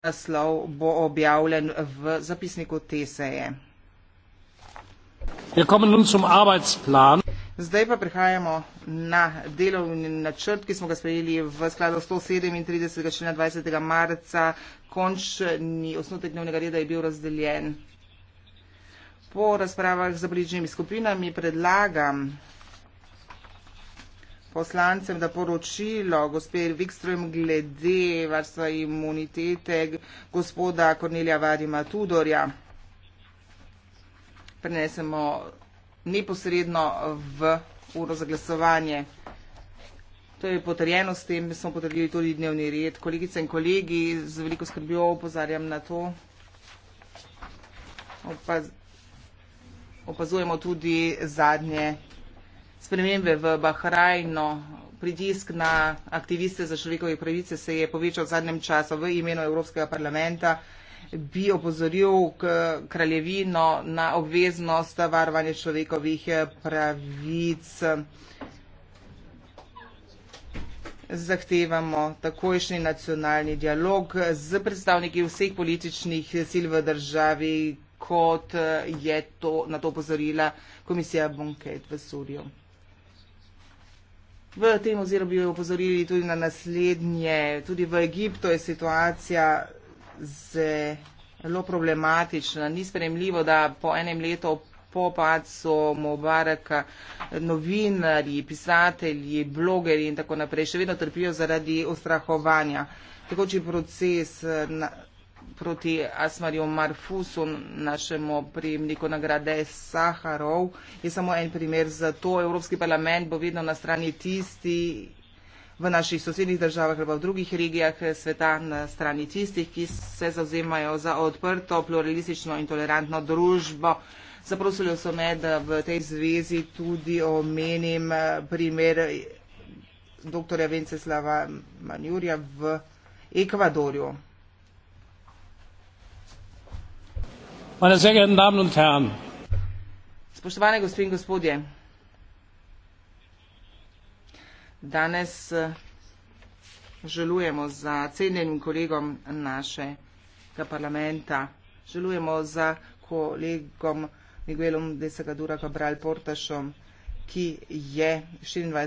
naslov bo objavljen v zapisniku te seje. Zdaj pa prehajamo na delovni načrt, ki smo ga sprejeli v skladu 137. člena 20. marca. Končni osnutek dnevnega reda je bil razdeljen. Po razpravah z bližnjimi skupinami predlagam, poslancem, da poročilo gospe Vikstrom glede varstva imunitete gospoda Kornelija Varima Tudorja prenesemo neposredno v uro za glasovanje. To je potrjeno s tem, smo potrdili tudi dnevni red. Kolegice in kolegi, z veliko skrbjo opozarjam na to. Opaz opazujemo tudi zadnje spremembe v Bahrajnu, pritisk na aktiviste za človekove pravice se je povečal v zadnjem času v imenu Evropskega parlamenta, bi opozoril k kraljevino na obveznost varovanja človekovih pravic. Zahtevamo takojšnji nacionalni dialog z predstavniki vseh političnih sil v državi, kot je to, na to opozorila komisija Bonket v Surju. V tem oziroma bi opozorili tudi na naslednje. Tudi v Egiptu je situacija zelo problematična. Ni spremljivo, da po enem letu po padcu Mubaraka novinari, pisatelji, blogeri in tako naprej še vedno trpijo zaradi ustrahovanja. Tekoči proces proti Asmariju Marfusu, našemu prijemniku nagrade Saharov. Je samo en primer za to. Evropski parlament bo vedno na strani tisti v naših sosednjih državah ali pa v drugih regijah sveta na strani tistih, ki se zauzemajo za odprto, pluralistično in tolerantno družbo. Zaprosili so me, da v tej zvezi tudi omenim primer dr. Venceslava Manjurja v Ekvadorju. Spoštovane gospe in gospodje, danes eh, želujemo za cenjenim kolegom našega parlamenta, želujemo za kolegom Miguelom de Segadura Cabral Portašom, ki je 24.